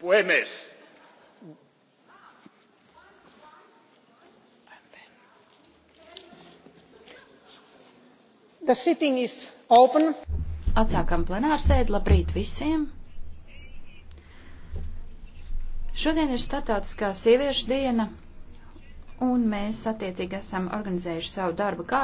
puhemies atsākam plenārsēdi labrīt visiem šodien ir starptautiskā sieviešu diena un mēs attiecīgi esam organizējuši savu darbu kārtību